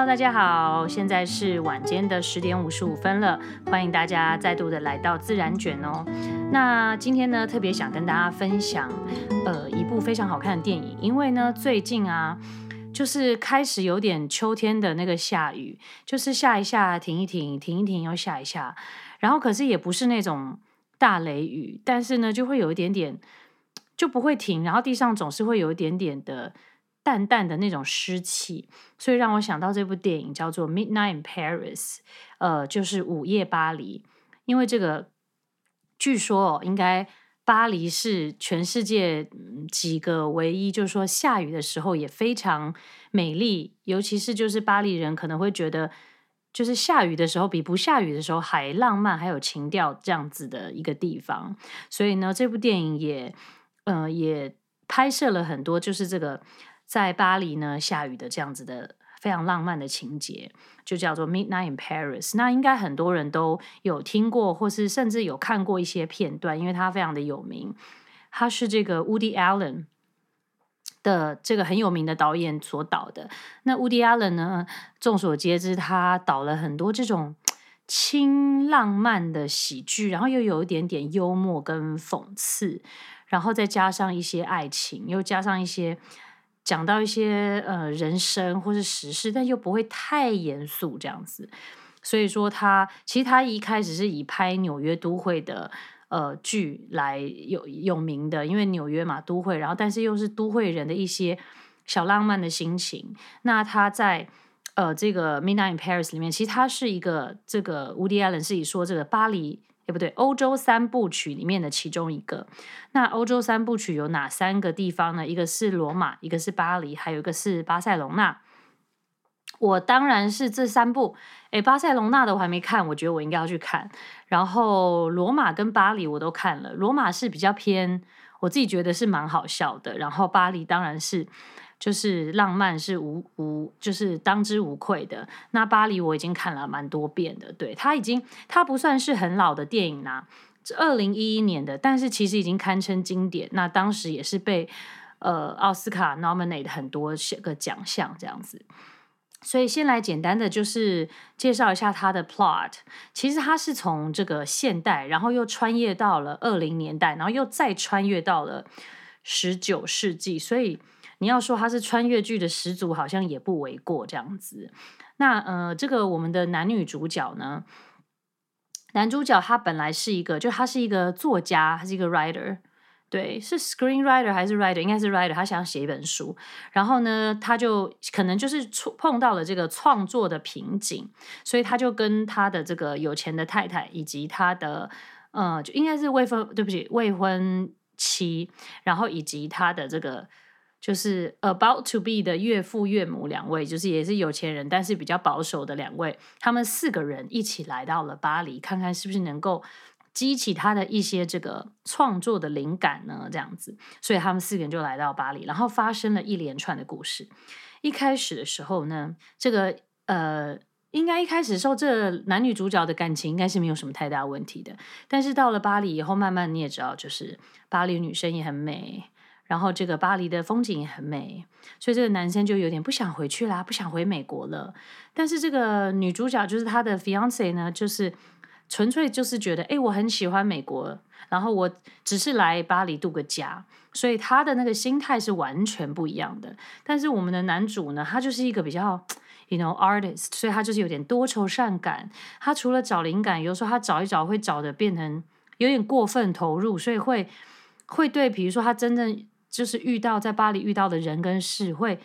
哈囉，大家好，現在是晚間的十點五十五分了，歡迎大家再度的來到自然捲哦。那今天呢，特別想跟大家分享，呃，一部非常好看的電影。因為呢，最近啊，就是開始有點秋天的那個下雨，就是下一下，停一停，停一停，又下一下，然後可是也不是那種大雷雨，但是呢，就會有一點點就不會停，然後地上總是會有一點點的。淡淡的那種濕氣，所以讓我想到這部電影叫做《Midnight in Paris》，呃，就是午夜巴黎。因為這個，據說、哦、應該巴黎是全世界、嗯、幾個唯一，就是說下雨的時候也非常美麗，尤其是就是巴黎人可能會覺得，就是下雨的時候比不下雨的時候還浪漫，還有情調這樣子的一個地方。所以呢，這部電影也呃也拍攝了很多，就是這個。在巴黎呢，下雨的這樣子的非常浪漫的情節，就叫做《Midnight in Paris》。那應該很多人都有聽過，或是甚至有看過一些片段，因為它非常的有名。它是這個 Woody Allen 的這個很有名的導演所導的。那 Woody Allen 呢，眾所皆知，他導了很多這種輕浪漫的喜劇，然後又有一點點幽默跟諷刺，然後再加上一些愛情，又加上一些。講到一些呃人生或是時事，但又不會太嚴肅這樣子，所以說他其實他一開始是以拍紐約都會的呃劇來有有名的，因為紐約嘛都會，然後但是又是都會人的一些小浪漫的心情。那他在呃這個《Midnight in Paris》裡面，其實他是一個這個 Woody Allen 是以說這個巴黎。對不對？歐洲三部曲裡面的其中一個。那歐洲三部曲有哪三個地方呢？一個是羅馬，一個是巴黎，還有一個是巴塞隆納。我當然是這三部。誒，巴塞隆納的我還沒看，我覺得我應該要去看。然後羅馬跟巴黎我都看了。羅馬是比較偏，我自己覺得是蠻好笑的。然後巴黎當然是。就是浪漫是無無就是當之無愧的。那巴黎我已經看了蠻多遍的，對，它已經它不算是很老的電影啊，二零一一年的，但是其實已經堪稱經典。那當時也是被呃奧斯卡 nominate 很多些個獎項這樣子。所以先來簡單的就是介紹一下它的 plot。其實它是從這個現代，然後又穿越到了二零年代，然後又再穿越到了十九世紀，所以。你要說他是穿越劇的始祖，好像也不為過這樣子。那呃，這個我們的男女主角呢？男主角他本來是一個，就他是一個作家，他是一個 writer，對，是 screenwriter 還是 writer？應該是 writer。他想寫一本書，然後呢，他就可能就是觸碰到了這個創作的瓶頸，所以他就跟他的這個有錢的太太，以及他的呃，就應該是未婚，對不起，未婚妻，然後以及他的這個。就是 about to be 的岳父岳母兩位，就是也是有錢人，但是比較保守的兩位。他們四個人一起來到了巴黎，看看是不是能夠激起他的一些這個創作的靈感呢？這樣子。所以他們四個人就來到巴黎，然後發生了一連串的故事。一開始的時候呢，這個呃，應該一開始的時候這男女主角的感情應該是沒有什麼太大問題的。但是到了巴黎以後，慢慢你也知道，就是巴黎女生也很美。然後這個巴黎的風景也很美，所以這個男生就有點不想回去啦，不想回美國了。但是這個女主角就是她的 fiancée 呢，就是純粹就是覺得，誒，我很喜歡美國，然後我只是來巴黎度個假，所以她的那個心態是完全不一樣的。但是我們的男主呢，他就是一個比較，you know artist，所以他就是有點多愁善感。他除了找靈感，有時候他找一找會找的變成有點過分投入，所以會會對比如說他真正。就是遇到，在巴黎遇到的人跟事，會，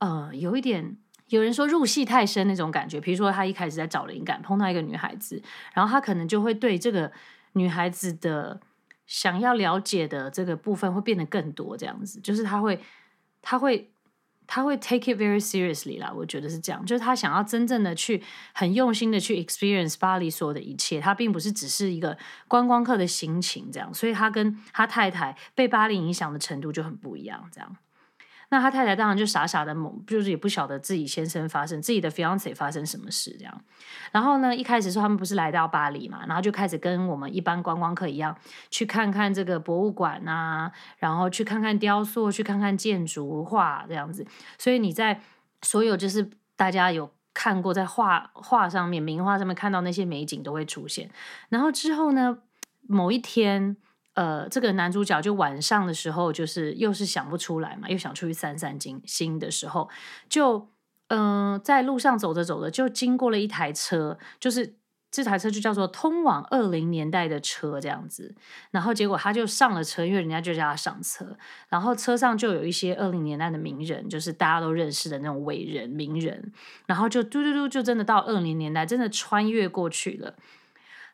呃，有一點，有人說入戲太深那種感覺。比如說他一開始在找靈感，碰到一個女孩子，然後他可能就會對這個女孩子的想要了解的這個部分會變得更多，這樣子，就是他會，他會。他會 take it very seriously 啦，我覺得是這樣，就是他想要真正的去很用心的去 experience 巴黎所有的一切，他並不是只是一個觀光客的心情這樣，所以他跟他太太被巴黎影響的程度就很不一樣這樣。那他太太當然就傻傻的，就是也不曉得自己先生發生，自己的 fiance 發生什麼事這樣，然後呢，一開始說他們不是來到巴黎嘛，然後就開始跟我們一般觀光客一樣，去看看這個博物館啊，然後去看看雕塑，去看看建築畫這樣子。所以你在所有就是大家有看過在畫畫上面、名畫上面看到那些美景都會出現。然後之後呢，某一天。呃，這個男主角就晚上的時候，就是又是想不出來嘛，又想出去散散心，心的時候，就嗯、呃，在路上走着走着，就經過了一台車，就是這台車就叫做通往二零年代的車這樣子。然後結果他就上了車，因為人家就叫他上車。然後車上就有一些二零年代的名人，就是大家都認識的那種偉人名人。然後就嘟嘟嘟，就真的到二零年代，真的穿越過去了。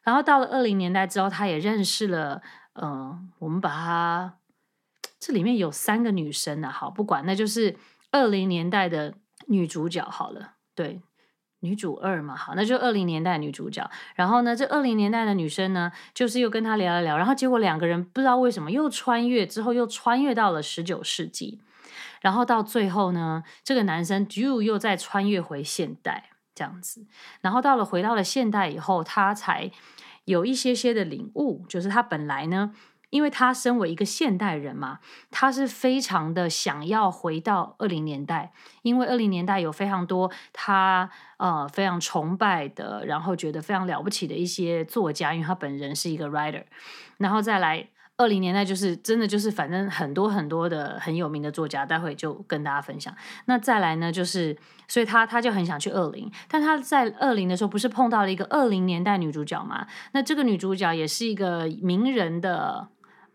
然後到了二零年代之後，他也認識了。嗯，我們把它這裡面有三個女生啊，好，不管，那就是二零年代的女主角好了，對，女主二嘛，好，那就二零年代女主角。然後呢，這二零年代的女生呢，就是又跟她聊了聊，然後結果兩個人不知道為什麼又穿越，之後又穿越到了十九世紀，然後到最後呢，這個男生就又又再穿越回現代這樣子，然後到了回到了現代以後，他才。有一些些的領悟，就是他本來呢，因為他身為一個現代人嘛，他是非常的想要回到二零年代，因為二零年代有非常多他，呃，非常崇拜的，然後覺得非常了不起的一些作家，因為他本人是一個 writer，然後再來。二零年代就是真的就是，反正很多很多的很有名的作家，待會就跟大家分享。那再來呢，就是所以他他就很想去二零，但他在二零的時候不是碰到了一個二零年代女主角嗎？那這個女主角也是一個名人的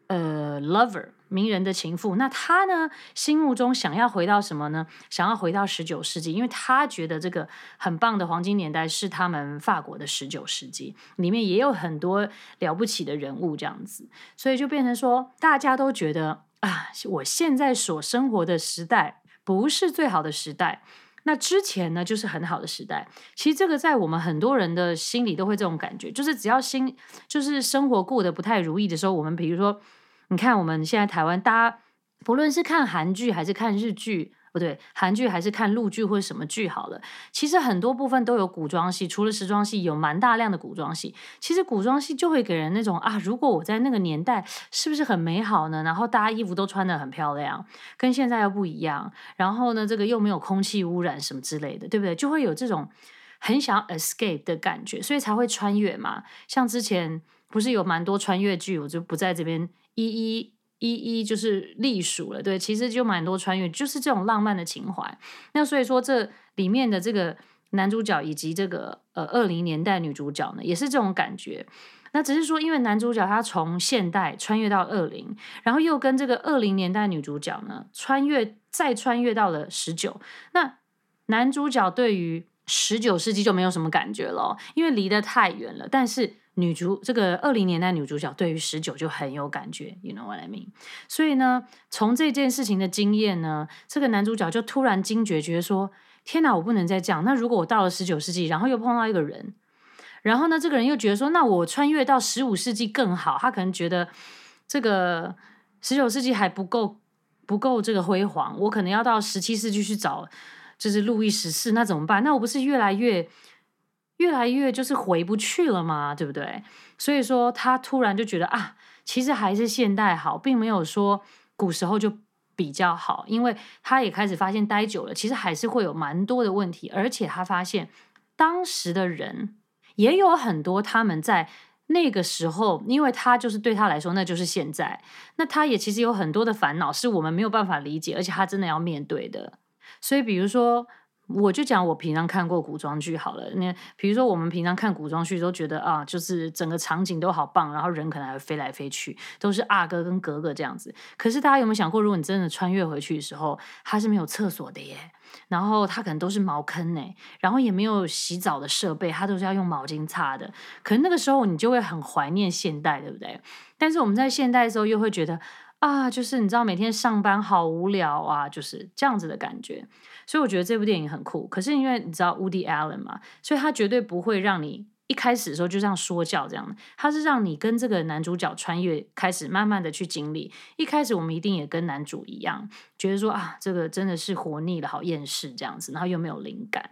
呃 lover。名人的情婦，那他呢？心目中想要回到什麼呢？想要回到十九世紀，因為他覺得這個很棒的黃金年代是他們法國的十九世紀，裡面也有很多了不起的人物這樣子，所以就變成說，大家都覺得啊，我現在所生活的時代不是最好的時代，那之前呢就是很好的時代。其實這個在我們很多人的心裡都會這種感覺，就是只要心就是生活過得不太如意的時候，我們比如說。你看，我們現在台灣，大家不論是看韓劇還是看日劇，不對，韓劇還是看陸劇或者什麼劇好了。其實很多部分都有古裝戲，除了時裝戲，有蠻大量的古裝戲。其實古裝戲就會給人那種啊，如果我在那個年代，是不是很美好呢？然後大家衣服都穿得很漂亮，跟現在又不一樣。然後呢，這個又沒有空氣污染什麼之類的，對不對？就會有這種很想 escape 的感覺，所以才會穿越嘛。像之前不是有蠻多穿越劇，我就不在這邊。一一一一就是隸屬了，對，其實就蠻多穿越，就是這種浪漫的情懷。那所以說這，這裡面的這個男主角以及這個呃二零年代女主角呢，也是這種感覺。那只是說，因為男主角他從現代穿越到二零，然後又跟這個二零年代女主角呢穿越，再穿越到了十九。那男主角對於十九世紀就沒有什麼感覺了，因為離得太遠了。但是女主，這個二零年代女主角對於十九就很有感覺，你 you know what I mean？所以呢，從這件事情的經驗呢，這個男主角就突然驚覺，覺得說：天哪，我不能再這樣。那如果我到了十九世紀，然後又碰到一個人，然後呢，這個人又覺得說：那我穿越到十五世紀更好。他可能覺得這個十九世紀還不夠，不夠這個輝煌，我可能要到十七世紀去找，就是路易十四，那怎麼辦？那我不是越來越？越來越就是回不去了嘛，對不對？所以說他突然就覺得啊，其實還是現代好，並沒有說古時候就比較好。因為他也開始發現，待久了其實還是會有蠻多的問題，而且他發現當時的人也有很多，他們在那個時候，因為他就是對他來說那就是現在，那他也其實有很多的煩惱是我們沒有辦法理解，而且他真的要面對的。所以比如說。我就講，我平常看過古裝劇好了。那比如說，我們平常看古裝劇都覺得啊，就是整個場景都好棒，然後人可能還會飛來飛去，都是阿哥跟格格這樣子。可是大家有沒有想過，如果你真的穿越回去的時候，它是沒有廁所的耶，然後它可能都是茅坑呢，然後也沒有洗澡的設備，它都是要用毛巾擦的。可是那個時候你就會很懷念現代，對不對？但是我們在現代的時候又會覺得啊，就是你知道每天上班好無聊啊，就是這樣子的感覺。所以我覺得這部電影很酷，可是因為你知道 Woody Allen 嘛，所以他絕對不會讓你一開始的時候就像說教這樣的，他是讓你跟這個男主角穿越，開始慢慢的去經歷。一開始我們一定也跟男主一樣，覺得說啊，這個真的是活膩了，好厭世這樣子，然後又沒有靈感。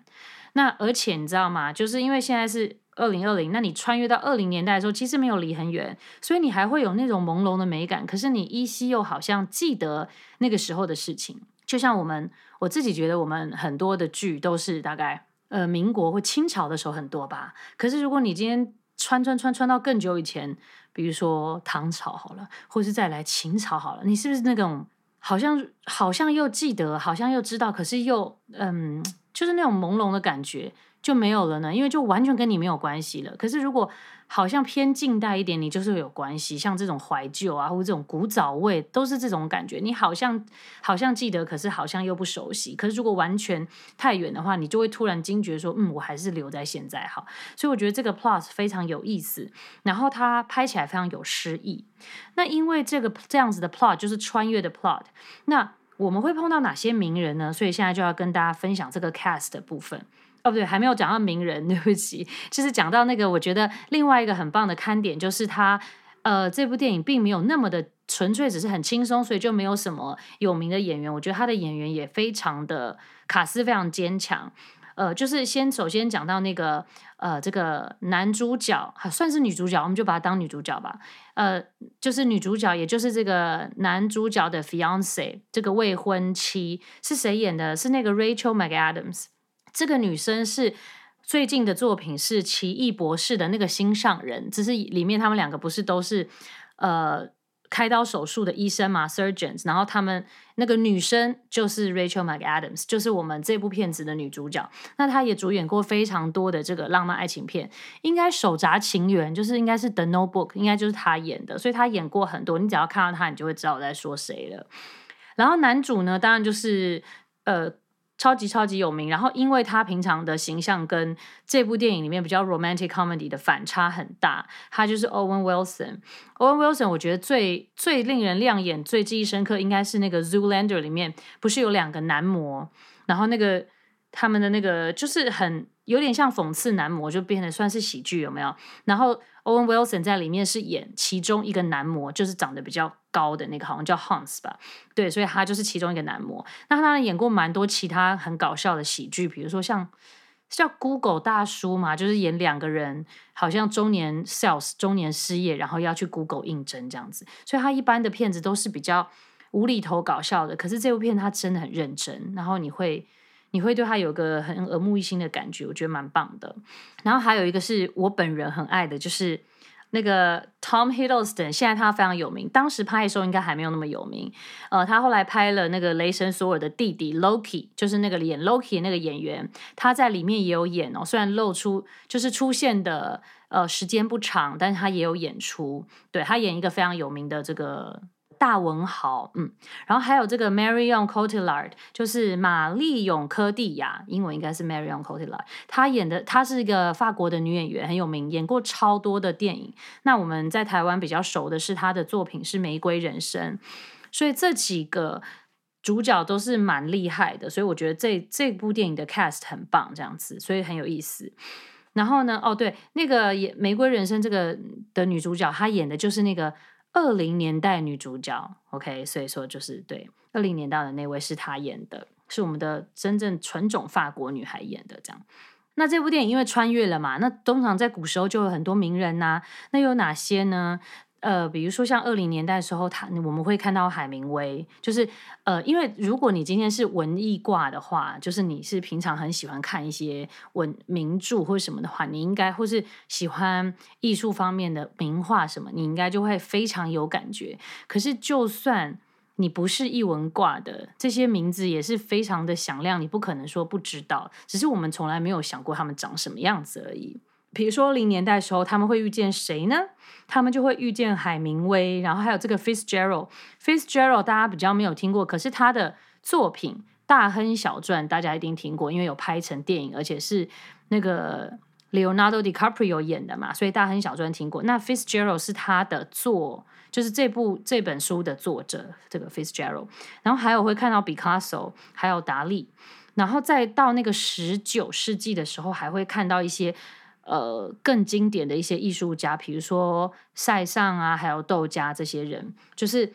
那而且你知道嗎？就是因為現在是二零二零，那你穿越到二零年代的時候，其實沒有離很遠，所以你還會有那種朦朧的美感，可是你依稀又好像記得那個時候的事情，就像我們。我自己覺得，我們很多的劇都是大概，呃，民國或清朝的時候很多吧。可是，如果你今天穿穿穿穿到更久以前，比如說唐朝好了，或是再來秦朝好了，你是不是那種好像好像又記得，好像又知道，可是又嗯，就是那種朦朧的感覺。就沒有了呢，因為就完全跟你沒有關係了。可是如果好像偏近代一點，你就是有關係，像這種懷舊啊，或者這種古早味，都是這種感覺。你好像好像記得，可是好像又不熟悉。可是如果完全太遠的話，你就會突然驚覺說，嗯，我還是留在現在好。所以我覺得這個 plot 非常有意思，然後它拍起來非常有詩意。那因為這個這樣子的 plot 就是穿越的 plot，那我們會碰到哪些名人呢？所以現在就要跟大家分享這個 cast 的部分。哦，不對，還沒有講到名人，對不起。其實講到那個，我覺得另外一個很棒的看點就是他，呃，這部電影並沒有那麼的純粹，只是很輕鬆，所以就沒有什麼有名的演員。我覺得他的演員也非常的卡司，非常堅強。呃，就是先首先講到那個，呃，這個男主角，算是女主角，我們就把她當女主角吧。呃，就是女主角，也就是這個男主角的 fiance，這個未婚妻是誰演的？是那個 Rachel McAdams。這個女生是最近的作品是《奇異博士》的那個心上人，只是裡面他們兩個不是都是，呃，開刀手術的醫生嘛，surgeons。Surgeons, 然後他們那個女生就是 Rachel McAdams，就是我們這部片子的女主角。那她也主演過非常多的這個浪漫愛情片，應該《手札情緣》就是應該是 The Notebook，應該就是她演的。所以她演過很多，你只要看到她，你就會知道我在說誰了。然後男主呢，當然就是呃。超級超級有名，然後因為他平常的形象跟這部電影裡面比較 romantic comedy 的反差很大，他就是 Owen Wilson。Owen Wilson 我覺得最最令人亮眼、最記憶深刻，應該是那個 Zoolander 裡面不是有兩個男模，然後那個他們的那個就是很有點像諷刺男模，就變得算是喜劇，有沒有？然後 Owen Wilson 在裡面是演其中一個男模，就是長得比較。高的那個好像叫 Hans 吧，對，所以他就是其中一個男模。那他演過蠻多其他很搞笑的喜劇，比如說像像 Google 大叔嘛，就是演兩個人好像中年 sales，中年失業，然後要去 Google 應徵這樣子。所以他一般的片子都是比較無厘頭搞笑的，可是這部片他真的很認真，然後你會你會對他有個很耳目一新的感覺，我覺得蠻棒的。然後還有一個是我本人很愛的，就是。那個 Tom Hiddleston，現在他非常有名，當時拍的時候應該還沒有那麼有名。呃，他後來拍了那個《雷神索爾》的弟弟 Loki，就是那個演 Loki 的那個演員，他在裡面也有演哦。雖然露出就是出現的呃時間不長，但是他也有演出。對，他演一個非常有名的這個。大文豪，嗯，然後還有這個 Marion Cotillard，就是瑪麗永科蒂亞，英文應該是 Marion Cotillard。她演的，她是一個法國的女演員，很有名，演過超多的電影。那我們在台灣比較熟的是她的作品是《玫瑰人生》，所以這幾個主角都是蠻厲害的，所以我覺得這這部電影的 cast 很棒，這樣子，所以很有意思。然後呢，哦對，那個也《玫瑰人生》這個的女主角，她演的就是那個。二零年代女主角，OK，所以說就是對二零年代的那位是她演的，是我們的真正純種法國女孩演的。這樣，那這部電影因為穿越了嘛，那通常在古時候就有很多名人吶、啊，那有哪些呢？呃，比如說像二零年代的時候，他我們會看到海明威，就是呃，因為如果你今天是文藝掛的話，就是你是平常很喜歡看一些文名著或什麼的話，你應該或是喜歡藝術方面的名畫什麼，你應該就會非常有感覺。可是就算你不是藝文掛的，這些名字也是非常的響亮，你不可能說不知道，只是我們從來沒有想過他們長什麼樣子而已。比如說零年代的時候，他們會遇見誰呢？他們就會遇見海明威，然後還有這個 Fitzgerald。Fitzgerald 大家比較沒有聽過，可是他的作品《大亨小傳》大家一定聽過，因為有拍成電影，而且是那個 Leonardo DiCaprio 演的嘛，所以《大亨小傳》聽過。那 Fitzgerald 是他的作，就是這部這本書的作者，這個 Fitzgerald。然後還有會看到 Picasso，還有達利，然後再到那個十九世紀的時候，還會看到一些。呃，更經典的一些藝術家，比如說塞尚啊，還有竇加這些人，就是，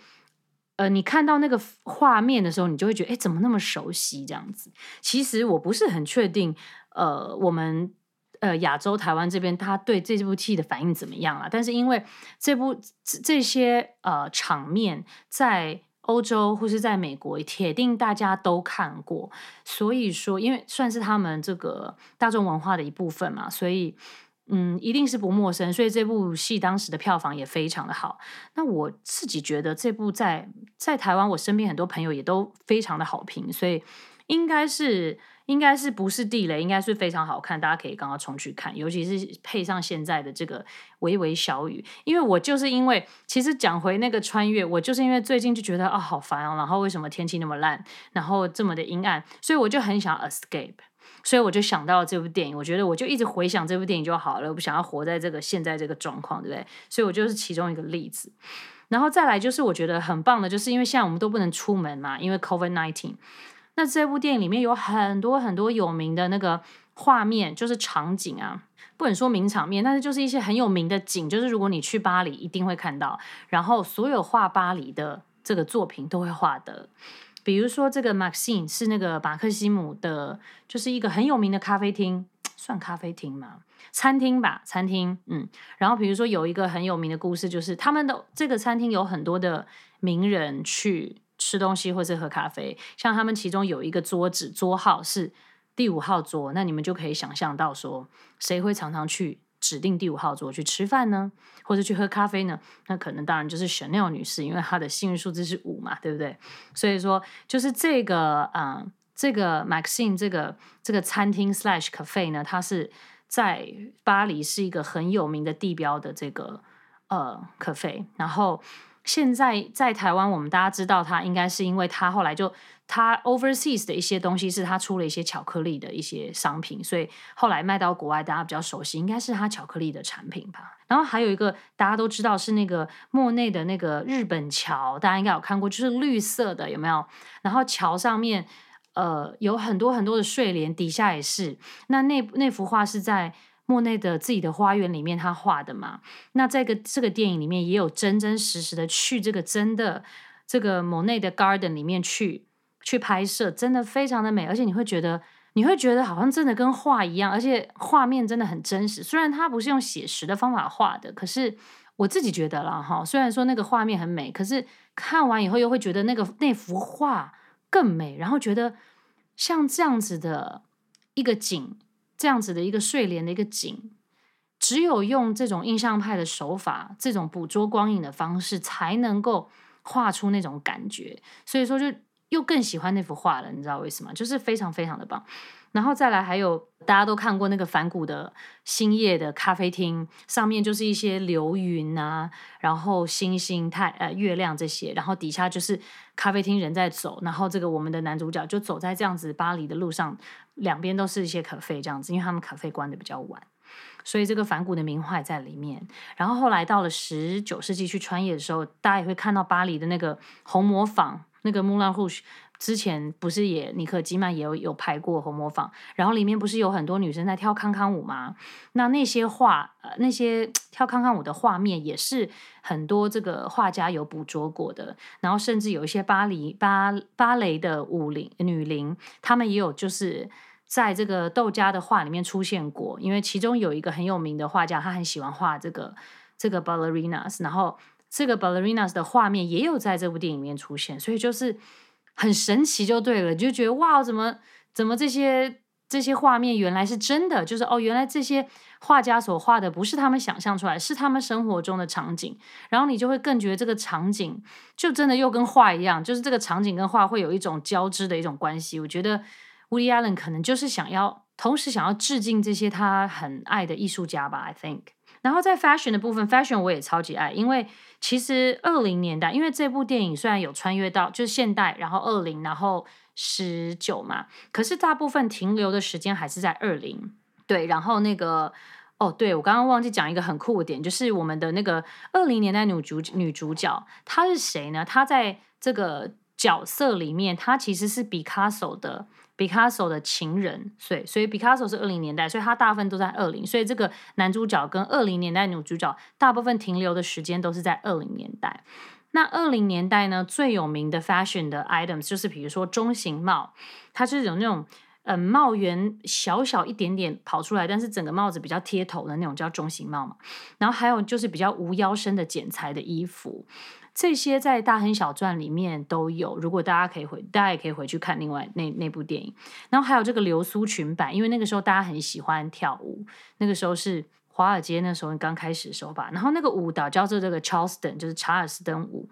呃，你看到那個畫面的時候，你就會覺得，哎，怎麼那麼熟悉這樣子？其實我不是很確定，呃，我們呃亞洲台灣這邊他對這部戲的反應怎麼樣啊？但是因為這部這些呃場面在。歐洲或是在美國，也鐵定大家都看過。所以說，因為算是他們這個大眾文化的一部分嘛，所以嗯，一定是不陌生。所以這部戲當時的票房也非常的好。那我自己覺得這部在在台灣，我身邊很多朋友也都非常的好評，所以應該是。應該是不是地雷，應該是非常好看，大家可以剛剛衝去看，尤其是配上現在的這個微微小雨。因為我就是因為，其實講回那個穿越，我就是因為最近就覺得啊、哦，好煩哦、啊，然後為什麼天氣那麼爛，然後這麼的陰暗，所以我就很想 escape，所以我就想到了這部電影，我覺得我就一直回想這部電影就好了，我不想要活在這個現在這個狀況，對不對？所以我就是其中一個例子。然後再來就是我覺得很棒的，就是因為現在我們都不能出門嘛，因為 COVID-19。19, 那這部電影裡面有很多很多有名的那個畫面，就是場景啊，不能說名場面，但是就是一些很有名的景，就是如果你去巴黎一定會看到。然後所有畫巴黎的這個作品都會畫的，比如說這個 Maxim's 是那個馬克西姆的，就是一個很有名的咖啡廳，算咖啡廳嗎？餐廳吧，餐廳。嗯，然後比如說有一個很有名的故事，就是他們的這個餐廳有很多的名人去。吃東西或是喝咖啡，像他們其中有一個桌子桌號是第五號桌，那你們就可以想象到說，誰會常常去指定第五號桌去吃飯呢，或者去喝咖啡呢？那可能當然就是香奈兒女士，因為她的幸運數字是五嘛，對不對？所以說，就是這個，啊、呃，這個 Maxine 這個這個餐廳 Slash Cafe 呢，它是在巴黎是一個很有名的地標的這個呃 Cafe，然後。現在在台灣，我們大家知道他應該是因為他後來就，他 overseas 的一些東西是他出了一些巧克力的一些商品，所以後來賣到國外，大家比較熟悉，應該是他巧克力的產品吧。然後還有一個大家都知道是那個莫內的那個日本橋，大家應該有看過，就是綠色的有沒有？然後橋上面呃有很多很多的睡蓮，底下也是。那那那幅畫是在，莫內的自己的花園裡面，他畫的嘛。那在這個這個電影裡面，也有真真實實的去這個真的這個莫內的 garden 裡面去去拍攝，真的非常的美，而且你會覺得你會覺得好像真的跟畫一樣，而且畫面真的很真實。雖然它不是用寫實的方法畫的，可是我自己覺得了哈。雖然說那個畫面很美，可是看完以後又會覺得那個那幅畫更美，然後覺得像這樣子的一個景。這樣子的一個睡蓮的一個景，只有用這種印象派的手法，這種捕捉光影的方式，才能夠畫出那種感覺。所以說，就又更喜歡那幅畫了，你知道為什麼？就是非常非常的棒。然後再來，還有。大家都看過那個梵谷的《星夜》的咖啡廳，上面就是一些流雲啊，然後星星太、太呃月亮這些，然後底下就是咖啡廳人在走，然後這個我們的男主角就走在這樣子巴黎的路上，兩邊都是一些咖啡這樣子，因為他們咖啡關的比較晚，所以這個梵谷的名畫也在裡面。然後後來到了十九世紀去穿越的時候，大家也會看到巴黎的那個紅磨坊，那個 Moulin Rouge 之前不是也妮可基嫚也有有拍過《紅磨坊》。然後裡面不是有很多女生在跳康康舞嗎？那那些畫，呃，那些跳康康舞的畫面也是很多這個畫家有捕捉過的。然後甚至有一些巴黎芭芭蕾的舞伶女伶她們也有就是在這個竇加的畫裡面出現過。因為其中有一個很有名的畫家，他很喜歡畫這個這個 ballerinas，然後這個 ballerinas 的畫面也有在這部電影裡面出現，所以就是。很神奇就對了，你就覺得哇，怎麼怎麼這些這些畫面原來是真的，就是哦，原來這些畫家所畫的不是他們想象出來，是他們生活中的場景。然後你就會更覺得這個場景就真的又跟畫一樣，就是這個場景跟畫會有一種交織的一種關係。我覺得 Woody Allen 可能就是想要同時想要致敬這些他很愛的藝術家吧，I think。然後在 fashion 的部分，fashion 我也超級愛，因為其實二零年代，因為這部電影雖然有穿越到就是現代，然後二零，然後十九嘛，可是大部分停留的時間還是在二零。對，然後那個哦，對我剛剛忘記講一個很酷的點，就是我們的那個二零年代女主女主角，她是誰呢？她在這個角色裡面，她其實是畢卡索的 Picasso 的情人，所以所以 Picasso 是二零年代，所以他大部分都在二零，所以這個男主角跟二零年代女主角大部分停留的時間都是在二零年代。那二零年代呢，最有名的 fashion 的 items 就是比如說中型帽，它是有那種。嗯，帽檐小小一點點跑出來，但是整個帽子比較貼頭的那種叫中型帽嘛。然後還有就是比較無腰身的剪裁的衣服，這些在《大亨小傳》裡面都有。如果大家可以回，大家也可以回去看另外那那部電影。然後還有這個流蘇裙擺，因為那個時候大家很喜歡跳舞，那個時候是華爾街那時候剛開始的時候吧。然後那個舞蹈叫做這個 Charleston，就是查爾斯登舞。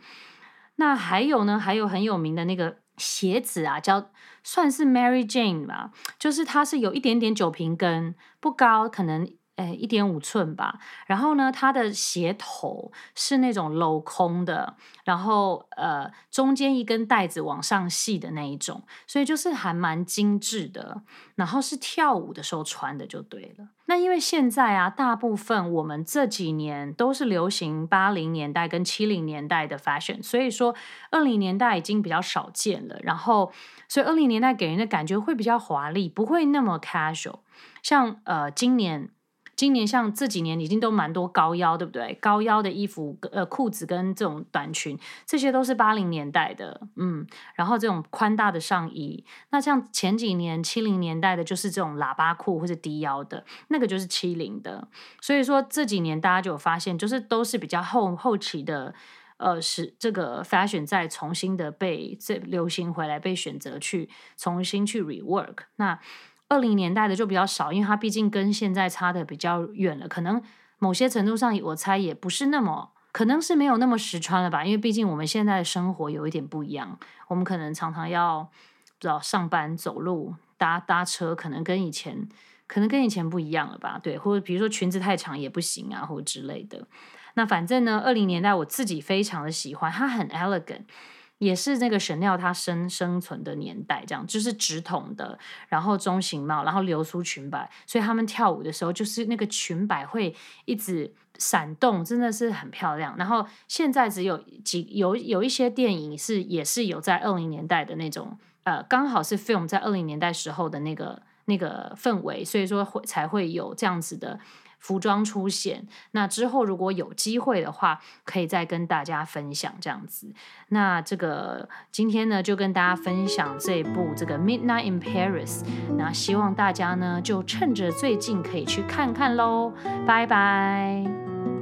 那還有呢，還有很有名的那個。.鞋子啊，叫算是 Mary Jane 吧，就是它是有一點點酒瓶跟，不高，可能。誒一點五寸吧。然後呢，它的鞋頭是那種鏤空的，然後呃，中間一根帶子往上繫的那一種，所以就是還蠻精緻的。然後是跳舞的時候穿的就對了。那因為現在啊，大部分我們這幾年都是流行八零年代跟七零年代的 fashion，所以說二零年代已經比較少見了。然後，所以二零年代給人的感覺會比較華麗，不會那麼 casual。像呃，今年。今年像這幾年已經都蠻多高腰，對不對？高腰的衣服、呃褲子跟這種短裙，這些都是八零年代的，嗯。然後這種寬大的上衣，那像前幾年七零年代的，就是這種喇叭褲或是低腰的那個，就是七零的。所以說這幾年大家就有發現，就是都是比較後後期的，呃，是這個 fashion 再重新的被這流行回來，被選擇去重新去 rework 那。二零年代的就比較少，因為它畢竟跟現在差得比較遠了，可能某些程度上，我猜也不是那麼，可能是沒有那麼實穿了吧。因為畢竟我們現在的生活有一點不一樣，我們可能常常要不知道上班走路搭搭車，可能跟以前可能跟以前不一樣了吧。對，或者比如說裙子太長也不行啊，或者之類的。那反正呢，二零年代我自己非常的喜歡，它很 elegant。也是那個 Chanel，它生生存的年代這樣，就是直筒的，然後中型帽，然後流蘇裙擺，所以他們跳舞的時候，就是那個裙擺會一直閃動，真的是很漂亮。然後現在只有幾有有一些電影是也是有在二零年代的那種，呃，剛好是 film 在二零年代時候的那個那個氛圍，所以說會才會有這樣子的。服裝出現，那之後如果有機會的話，可以再跟大家分享這樣子。那這個今天呢，就跟大家分享這部《這個 Midnight in Paris》，那希望大家呢，就趁着最近可以去看看嘍。拜拜。